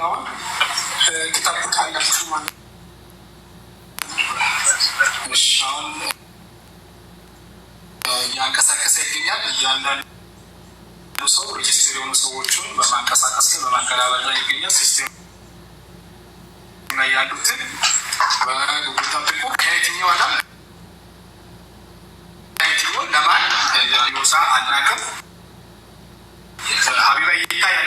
የሚለውን ትጠብቃላችሁ ማለት አሁን እያንቀሳቀሰ ይገኛል። እያንዳንዱ ሰው ሬጅስትር የሆኑ ሰዎችን በማንቀሳቀስ ላይ ላይ ይገኛል። ሲስቴም ላይ ያሉትን በጉጉል ጠብቁ። ከየትኛው አዳም ለማን የሚወሳ አናቅም ሀቢባ ይታ ያለ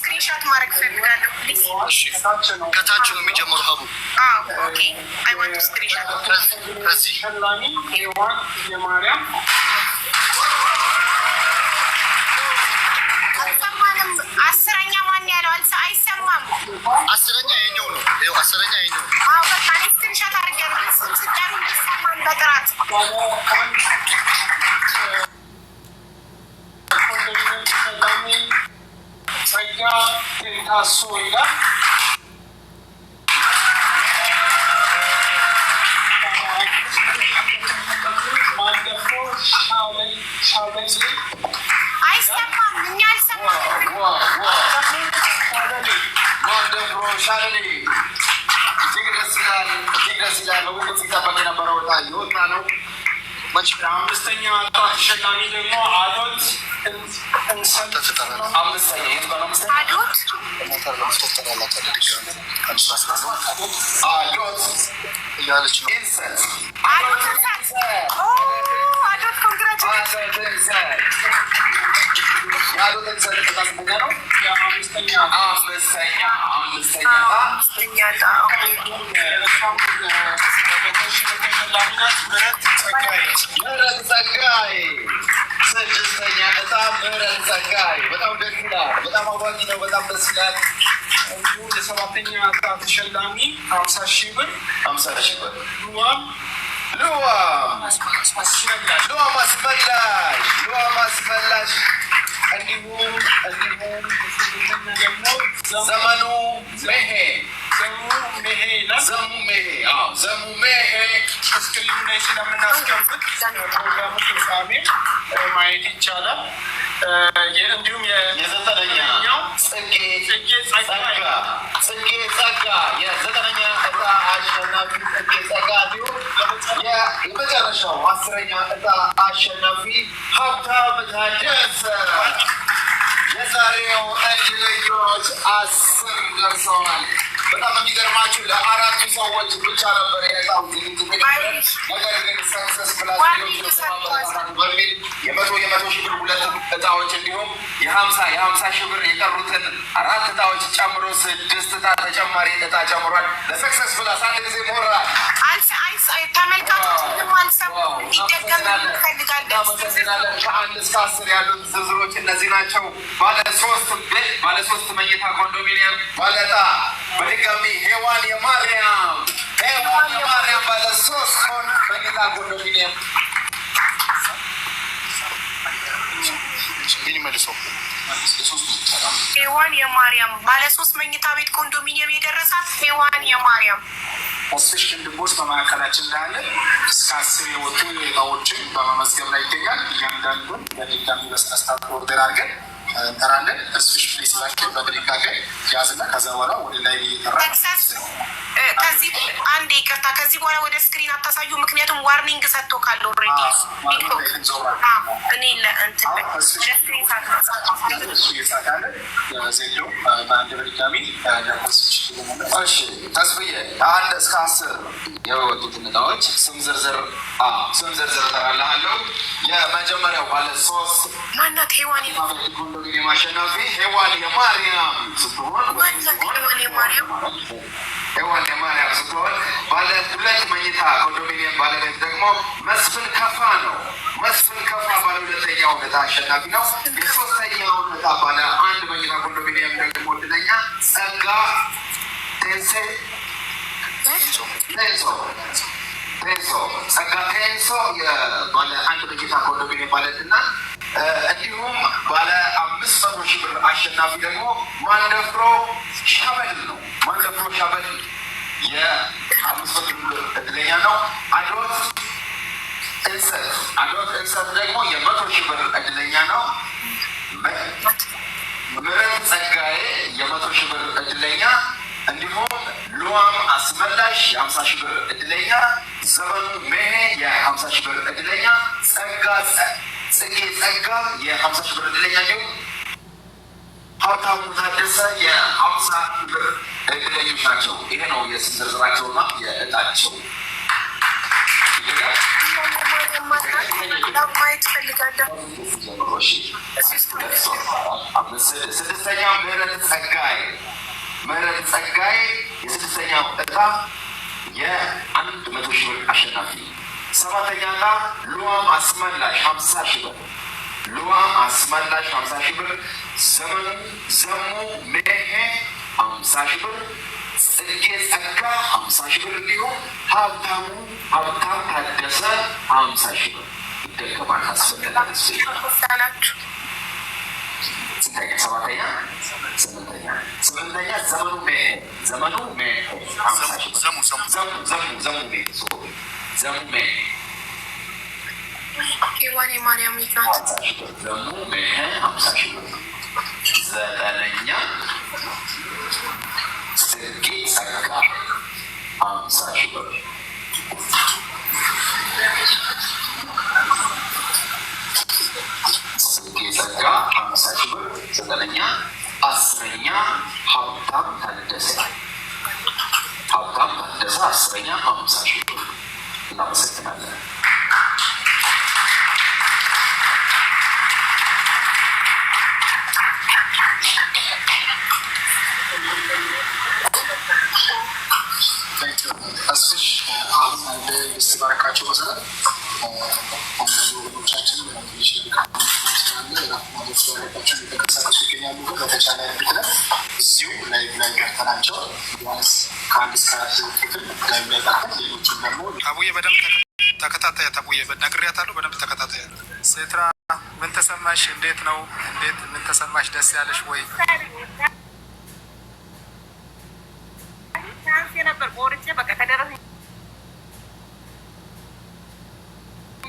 ሻት ማድረግ ፈልጋለሁ። ከታች ነው የሚጀምሩ ሀቡ ከዚህ አስረኛ ማን ያለው አይሰማም። አስረኛ የእኛው ነው። ይኸው አስረኛ የእኛው ነው። አዎ በቃ እኔ ስክሪንሻት አድርጌያለሁ። ስም ስጠሩ እንዲሰማን በጥራት ጸጋ ቴንታሶ ይላል። አይሰማም፣ እኛ ተሸላሚ ደግሞ አዶት አምስተኛ ምህረት ጸጋዬ ስድስተኛ እጣ ምህረት ጸጋዬ በጣም ደስ ይላል። በጣም አጓጊ ነው። በጣም ደስ ይላል። እንዲሁም የሰባተኛ እጣ ተሸላሚ ሀምሳ ሺህ ብር ሀምሳ ሺህ ብር ሉዋም ሉዋም አስመላሽ ሉዋም አስመላሽ እንዲሁም እንዲሁም ዘመኑ መሄ ዘሙሜ እስክሪኑ ላይ ይቻላል። እንዲሁም የዘጠነኛው እጣ አሸናፊ ጽጌ አስረኛ እጣ አሸናፊ ሀብታሙ ታደሰ የዛሬው እድለኞች አስር ደርሰዋል። በጣም የሚገርማችሁ ለአራቱ ሰዎች ብቻ ነበር የዕጣው ዝግጅት የመቶ የመቶ ሺህ ብር ሁለት እጣዎች እንዲሁም የሀምሳ የሀምሳ ሺህ ብር የቀሩትን አራት እጣዎች ጨምሮ ስድስት እጣ ተጨማሪ እጣ ጨምሯል። ለሰክሰስ ፕላስ አንድ ጊዜ ሞራል አስር ዝርዝሮች እነዚህ ናቸው። ባለ ሶስት ቤት ባለ ሶስት መኝታ ኮንዶሚኒየም ባለጣ በድጋሚ ሄዋን የማርያም ሄዋን የማርያም ባለ ሶስት መኝታ ኮንዶሚኒየም ሄዋን የማርያም ባለ ሶስት መኝታ ቤት ኮንዶሚኒየም የደረሳት ሄዋን የማርያም አስር ድቦች በማዕከላችን እንዳለ እስከ አስር የወጡ እቃዎችን በመመዝገብ ላይ ይገኛል። እያንዳንዱን በድጋሚ በስነስርዓት ኦርደር አድርገን እንጠራለን። እስፊሽ ፕሌስ ላቸው በጥንቃቄ ያዝና ከዛ በኋላ ወደ ላይ ጠራ ከዚህ አንድ ይቅርታ፣ ከዚህ በኋላ ወደ ስክሪን አታሳዩ። ምክንያቱም ዋርኒንግ ሰጥቶ ካለ ኦልሬዲ ቲክቶክ እኔ ስም ዝርዝር ስም ዝርዝር እጠራልሃለሁ። የመጀመሪያው ባለ ሶስት ማናት? ሄዋን የማሸናፊ ሄዋን የማርያም ስትሆን ሄዋን የማርያም ማርያም ስትሆን ባለ ሁለት መኝታ ኮንዶሚኒየም ባለቤት ደግሞ መስፍን ከፋ ነው። መስፍን ከፋ ባለ ሁለተኛ እውነታ አሸናፊ ነው። የሶስተኛ እውነታ ባለ አንድ መኝታ ኮንዶሚኒየም ደግሞ ድለኛ ጸጋ ቴንሴ ቴንሶ ቴንሶ ጸጋ ቴንሶ ባለ አንድ መኝታ ኮንዶሚኒየም ባለትና እንዲሁም ባለ አምስት መቶ ሺህ ብር አሸናፊ ደግሞ ማንደፍሮ ሸበል ነው። ማንደፍሮ ሸበል የአምስት መቶ እድለኛ ነው። አድሮት እንሰት አድሮት እንሰት ደግሞ የመቶ ሺህ ብር እድለኛ ነው። ምረት ጸጋዬ የመቶ ሺህ ብር እድለኛ እንዲሁም ሉዋም አስመላሽ የሀምሳ ሺህ ብር እድለኛ፣ ዘመኑ ሜሄ የሀምሳ ሺህ ብር እድለኛ፣ ጸጋ ጽጌ ጸጋ የሀምሳ ሺህ ብር እድለኛ እንዲሁም ሀብታሙ ታደሰ የሀምሳ ብር እድለኞች ናቸው። ይሄ ነው የስንዝርዝራቸውና የእጣቸው ስድስተኛ ምህረት ጸጋይ ምህረት ጸጋይ የስድስተኛው እጣ የአንድ መቶ ሺህ ብር አሸናፊ ሰባተኛ እጣ ሉዋም አስመላሽ ሀምሳ ሺህ ብር ልዋ አስመላሽ ሀምሳ ሺህ ብር፣ ዘሙ ሜሄ ሀምሳ ሺህ ብር፣ ጽጌ ጸጋ ሀምሳ ሺህ ብር እንዲሁም ሀብታሙ ሀብታም ታደሰ ሀምሳ ሺህ ብር ይደገማል። ካስፈለጋችሁ ሰባተኛ፣ ስምንተኛ፣ ስምንተኛ ዘመኑ ሜሄ ዘመኑ ሜሄ ዘሙ ዘሙ ዘሙ ሜሄ ዘሙ ሜሄ ሄዋን የማርያም ልጅ ናት። ደግሞ ይሄ ሀምሳ ዘጠነኛ ስጌ ጸጋ ሀምሳ ሺህ ብር ስጌ ጸጋ ሀምሳ ሺህ ብር ዘጠነኛ አስረኛ ሀብታም ታደሰ ሀብታም ታደሰ አስረኛ ሀምሳ ሺህ ብር እናመሰግናለን። መንግስት ባረካቸው መሰረት ወንድሞቻችን ላይ ላይ አቡዬ በደንብ ተከታታይ አቡዬ ነግሬያታለሁ። በደንብ ተከታታያት ሴትራ ምን ተሰማሽ? እንዴት ነው? እንዴት ምን ተሰማሽ? ደስ ያለሽ ወይ? ነበር ቆርጬ በቃ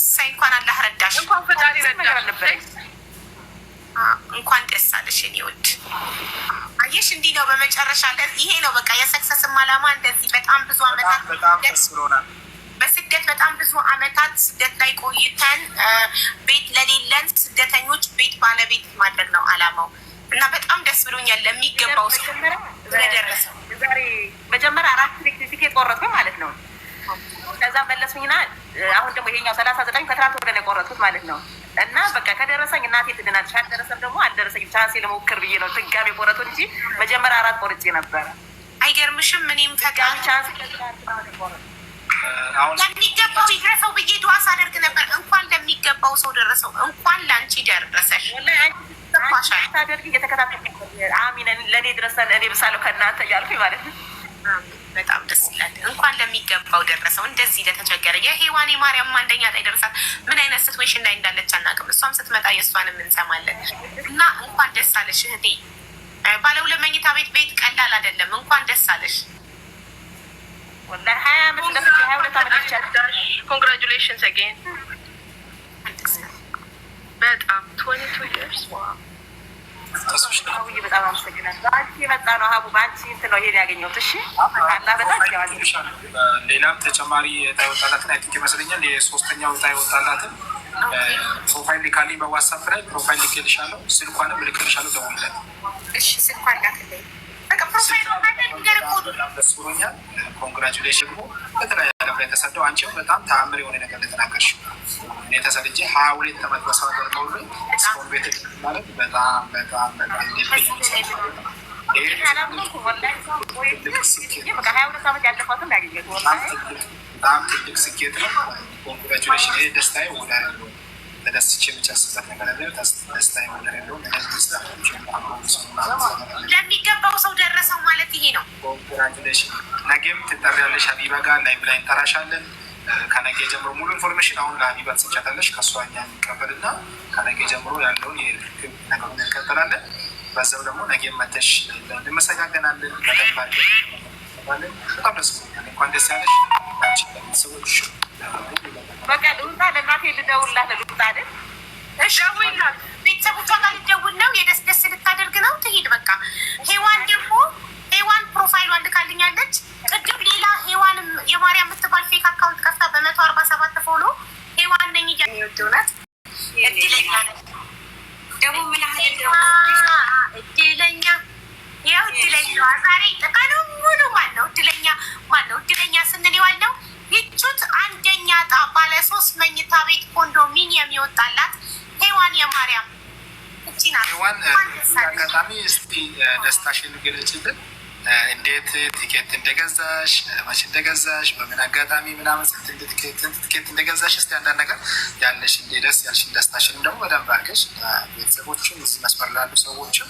እሰይ እንኳን አላህ ረዳሽ፣ እንኳን ፈጣሪ ረዳሽ። እንኳን ደስ አለሽ የኔ ውድ። አየሽ እንዲህ ነው በመጨረሻ ይሄ ነው በቃ የሰክሰስም አላማ እንደዚህ በጣም ብዙ አመታት በስደት በጣም ብዙ አመታት ስደት ላይ ቆይተን ቤት ለሌለን ስደተኞች ቤት ባለቤት ማድረግ ነው አላማው እና በጣም ደስ ብሎኛል። ለሚገባው ሰው ስለደረሰው መጀመሪያ አራት ክሪቲክ የቆረጥኩ ማለት ነው ከዛ መለሱኝና አሁን ደግሞ ይሄኛው ሰላሳ ዘጠኝ ከትናንት ወደ ነው የቆረጥኩት ማለት ነው። እና በቃ ከደረሰኝ እናቴ ትድናለች፣ ካልደረሰም ደግሞ አልደረሰኝ ቻንሴ ለሞክር ብዬ ነው ትጋሚ ቆረጡ እንጂ መጀመሪያ አራት ቆርጬ ነበረ። አይገርምሽም? እኔም ተጋሚ ቻንሴ ለሚገባው ይድረሰው ብዬ ድዋ ሳደርግ ነበር። እንኳን ለሚገባው ሰው ደረሰው። እንኳን ለአንቺ ደረሰሽ። ታደርግ እየተከታተል አሚን፣ ለእኔ ድረሰን እኔ ብሳለሁ ከእናንተ እያልኩኝ ማለት ነው። በጣም ደስ ይላል። እንኳን ለሚገባው ደረሰው። እንደዚህ ለተቸገረ የሔዋን የማርያም አንደኛ ላይ ደርሳት ምን አይነት ስትዌሽን ላይ እንዳለች አናውቅም። እሷም ስትመጣ የእሷንም እንሰማለን እና እንኳን ደስ አለሽ እህቴ። ባለው ለመኝታ ቤት ቤት ቀላል አይደለም። እንኳን ደስ አለሽ። ሀያ ዓመት ለፍ ሀያ ሁለት ኮንግራጁሌሽንስ አጌን በጣም ትወንቲ ቱ ይርስ ሀቡዬ በጣም ሀቡ፣ በአንቺ እንትን ነው ይሄን ያገኘሁት። እሺ ሌላም ተጨማሪ ዕጣ የወጣላትን አይ ቲንክ ይመስለኛል የሶስተኛው ዕጣ የወጣላትን ፕሮፋይል ሊካሊ በዋትሳፕ ላይ ፕሮፋይል ልኬልሻለሁ፣ ስልኳንም ልኬልሻለሁ። ደውልለት እሺ። ስልኳን ላክልኝ። ኮንግራጁሌሽን ደግሞ በተለያዩ ላይ ተሰደው አንቺም በጣም ተአምር የሆነ ነገር ልትናገርሽ እኔ ተሰድጄ ሀያ ሁለት ዓመት ነገር ነው ብሎ እስካሁን ቤት ማለት በጣም በጣም በጣም በጣም ትልቅ ስኬት ነው። ኮንግራቹሌሽን ደስታ ይሆናል። ተደስቼ ብቻ ለሚገባው ሰው ደረሰው ማለት ይሄ ነው። ኮንግራጁሌሽን። ነገም ትጠሪያለሽ፣ ሀቢባ ጋር ላይቭ ላይ እንጠራሻለን። ከነገ ጀምሮ ሙሉ ኢንፎርሜሽን አሁን ለሀቢባ ትሰጫታለሽ። ከእሷ እኛ የሚቀበል እና ከነገ ጀምሮ ያለውን የርክብ ነገሩ እንቀጠላለን። በዛው ደግሞ ነገ መተሽ እንመሰጋገናለን። በጣም ደስ እንኳን ደስ ያለሽ ሰዎች በቃ ልውጣ፣ ለእናቴ ልደውልላት ልውጣ አይደል? እሺ ቤተሰቦቿ ጋር ልደውል ነው፣ የደስ ደስ ልታደርግ ነው። ትሄድ በቃ። ሄዋን ደግሞ ሄዋን ፕሮፋይሏን ልካልኛለች። ቅድም ሌላ ሄዋን የማርያም የምትባል ፌክ አካውንት ከፍታ በመቶ አርባ ሰባት ፎሎ ሄዋን ነኝ እያ የወደውናት ደግሞ ምን እድለኛ ያው እድለኛ ዛሬ ቀኑ ሙሉ ማን ነው እድለኛ ማን ነው እድለኛ ስንል ዋለው ይቹት አንደኛ ጣ ባለ ሶስት መኝታ ቤት ኮንዶሚኒየም የወጣላት ሄዋን የማርያም ሄዋን፣ አጋጣሚ እስቲ ደስታሽን ግለጭልን። እንዴት ቲኬት እንደገዛሽ፣ መቼ እንደገዛሽ፣ በምን አጋጣሚ ምናምን ቲኬት እንደገዛሽ እስቲ አንዳንድ ነገር ያለሽ እንዴ ደስ ያልሽን ደስታሽን ደግሞ በደንብ አድርገሽ ቤተሰቦችም እዚህ መስመር ላሉ ሰዎችም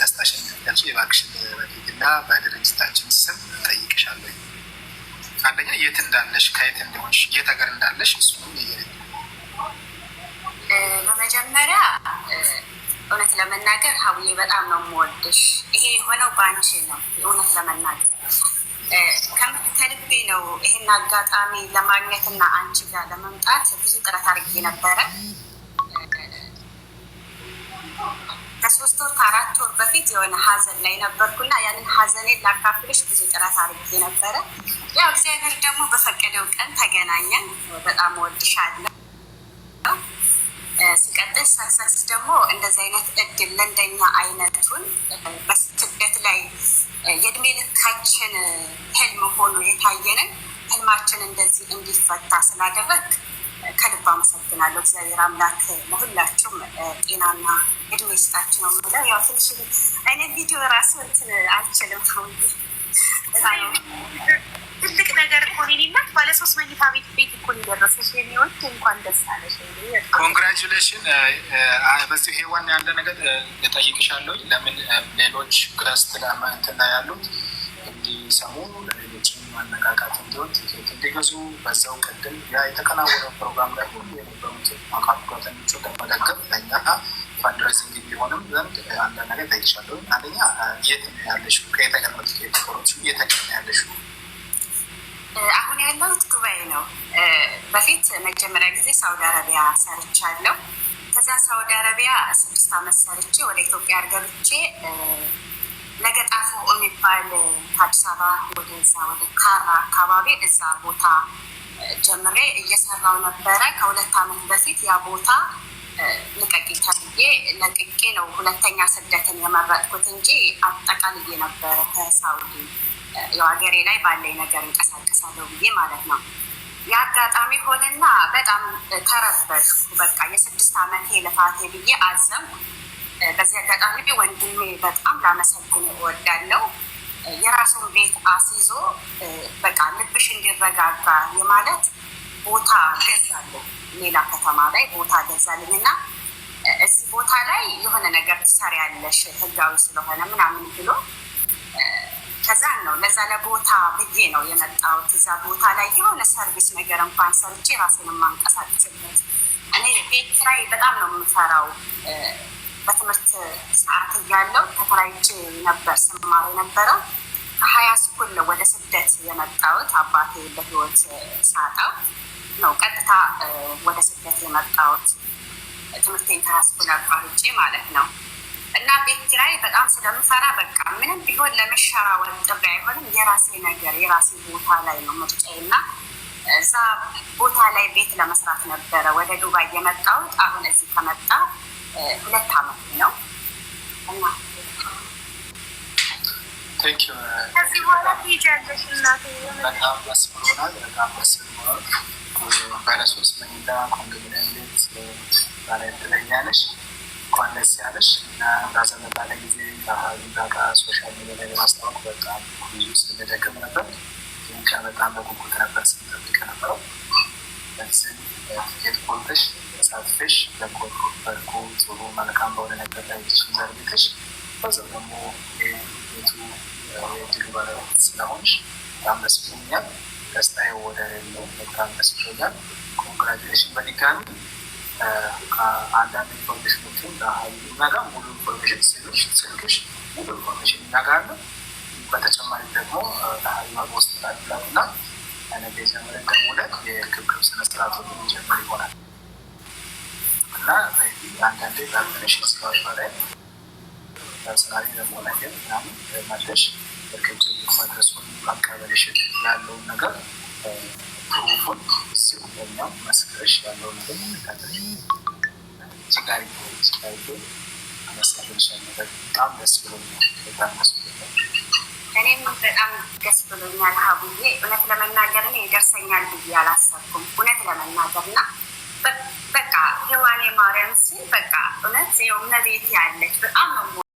ደስታሽን የባክሽን በድርጅታችን ስም ጠይቅሻለሁ። አንደኛ የት እንዳለሽ ከየት እንደሆንሽ የት ሀገር እንዳለሽ እሱ በመጀመሪያ እውነት ለመናገር ሀውዬ በጣም ነው የምወድሽ። ይሄ የሆነው በአንቺ ነው። እውነት ለመናገር ከልቤ ነው። ይሄን አጋጣሚ ለማግኘት ለማግኘትና አንቺ ጋር ለመምጣት ብዙ ጥረት አድርጌ ነበረ። ከሶስት ወር ከአራት ወር በፊት የሆነ ሀዘን ላይ ነበርኩና ያንን ሀዘኔን ላካፍልሽ ብዙ ጥረት አድርጌ ነበረ። ያው እግዚአብሔር ደግሞ በፈቀደው ቀን ተገናኘን። በጣም ወድሻለሁ። ሲቀጥል ሰክሰስ ደግሞ እንደዚህ አይነት እድል ለእንደኛ አይነቱን በስደት ላይ የእድሜ ልካችን ህልም ሆኖ የታየንን ህልማችን እንደዚህ እንዲፈታ ስላደረግ ከልብ አመሰግናለሁ። እግዚአብሔር አምላክ ለሁላችሁም ጤናና እድሜ ስጣችሁ ነው የምለው። ያው ትንሽ አይነት ቪዲዮ ራሱ እንትን አልችልም ትልቅ ነገር እኮ ነው። የእኔ ባለ ሶስት መኝታ ቤት ቤት እኮ ነው የሚወድ እንኳን ደስ አለሽ። ኮንግራቹሌሽን። በዚህ ሄዋን ያለ ነገር እጠይቅሻለሁ። ለምን ሌሎች ክረስት ለምንትና ያሉት እንዲሰሙ ለሌሎች ማነቃቃት እንዲሆን ትኬት እንዲገዙ በዛው ቅድም ያ የተከናወነ ፕሮግራም ላይ ሁሉ የነበሩት አካል ለመደገፍ ለእኛ ፈንድሬዚንግ ቢሆንም ዘንድ አንዳንድ ነገር እጠይቅሻለሁ። አንደኛ የት ያለሽ? ከየት ነገሮች እየተቀና ያለሽ ነው? አሁን ያለሁት ዱባይ ነው። በፊት መጀመሪያ ጊዜ ሳውዲ አረቢያ ሰርቻለሁ። ከዛ ሳውዲ አረቢያ ስድስት አመት ሰርቼ ወደ ኢትዮጵያ ገብቼ ለገጣፎ የሚባል ከአዲስ አበባ ወደዛ ወደ ካራ አካባቢ እዛ ቦታ ጀምሬ እየሰራው ነበረ። ከሁለት አመት በፊት ያ ቦታ ልቀቂ ብዬ ለቅቄ ነው ሁለተኛ ስደትን የመረጥኩት እንጂ አጠቃልዬ ነበረ ከሳውዲ ሀገሬ ላይ ባለኝ ነገር እንቀሳቀሳለሁ ብዬ ማለት ነው። የአጋጣሚ ሆንና በጣም ተረበሽኩ። በቃ የስድስት ዓመቴ ልፋቴ ብዬ አዘም። በዚህ አጋጣሚ ወንድሜ በጣም ላመሰግን እወዳለሁ። የራሱን ቤት አስይዞ በቃ ልብሽ እንዲረጋጋ የማለት ቦታ ገዛለሁ። ሌላ ከተማ ላይ ቦታ ገዛልኝ እና እዚህ ቦታ ላይ የሆነ ነገር ትሰሪያለሽ ህጋዊ ስለሆነ ምናምን ብሎ ከዛን ነው ለዛ ለቦታ ብዬ ነው የመጣሁት። እዛ ቦታ ላይ የሆነ ሰርቪስ ነገር እንኳን ሰርቼ ራሴን የማንቀሳቀስበት። እኔ ቤት ኪራይ በጣም ነው የምፈራው። በትምህርት ሰዓት እያለው ተከራይቼ ነበር ስማር የነበረው። ከሀያ ስኩል ወደ ስደት የመጣሁት አባቴ በህይወት ሳጣው ነው ቀጥታ ወደ ስደት የመጣሁት። ትምህርቴን ከሀስኩል አቋርጬ ማለት ነው። እና ቤት ኪራይ በጣም ስለምፈራ በቃ ምንም ቢሆን ለመሸራወር ጥሪ አይሆንም። የራሴ ነገር የራሴ ቦታ ላይ ነው ምርጫ እና እዛ ቦታ ላይ ቤት ለመስራት ነበረ ወደ ዱባይ የመጣሁት። አሁን እዚህ ከመጣ ሁለት አመት ነው እና uh, ከዚህ በኋላ ትሄጃለሽ እናቴ። በጣም ደስ ብሎናል። በጣም ደስ ብሎናል። ባለሶስት መኝታ ኮንዶሚኒየም ቤት ላይ እድለኛ ነሽ። እንኳን ደስ ያለሽ እና ባዘመባ ላይ ጊዜ ባህሉ ሶሻል ሚዲያ ላይ ለማስታወቅ በጣም ብዙ ስንደክም ነበር። ይህን በጣም በጉጉት ነበር ስንጠብቅ ነበረው። ለዚህ ትኬት ቆርጠሽ ተሳትፈሽ በርኩ ጥሩ መልካም በሆነ ነገር ላይ ሱን ዘርግተሽ በዛ ደግሞ ቤቱ የድል ባለቤት ስለሆንሽ በጣም ደስ ብሎኛል። ደስታዬ ወደ ሌለው በጣም ደስ ብሎኛል። ኮንግራጁሌሽን በድጋሚ አንዳንድ ኢንፎርሜሽኖችን ለሀይሉ ነጋ ሙሉ ኢንፎርሜሽን ስልሽ ስልክሽ ሙሉ ኢንፎርሜሽን ይነጋለ። በተጨማሪ ደግሞ ለሀይሉ ሆስፒታል እና ነገ ጀምሮ ደውለን የክብክብ ስነስርዓቱ የሚጀምር ይሆናል እና አንዳንድ ኢንፎርሜሽን ስራዎች ላይ ለምሳሌ ደግሞ ነገር ምናምን መድረሽ በክብክብ ማድረሱን አቀበልሽ ያለውን ነገር ፕሩፉን እዚህ መስክረሽ ያለው ነገር ተካተል ጸጋሪ ጸጋሪ መስክረሽ ነገር በጣም ደስ ብሎኛል። በጣም ደስ ብሎኛል። እኔም በጣም ደስ ብሎኛል ሀቡዬ። እውነት ለመናገር እኔ ይደርሰኛል ብዬ አላሰብኩም። እውነት ለመናገር እና በቃ ሔዋኔ ማርያም ሲል በቃ እውነት እመቤቴ ያለች በጣም ነው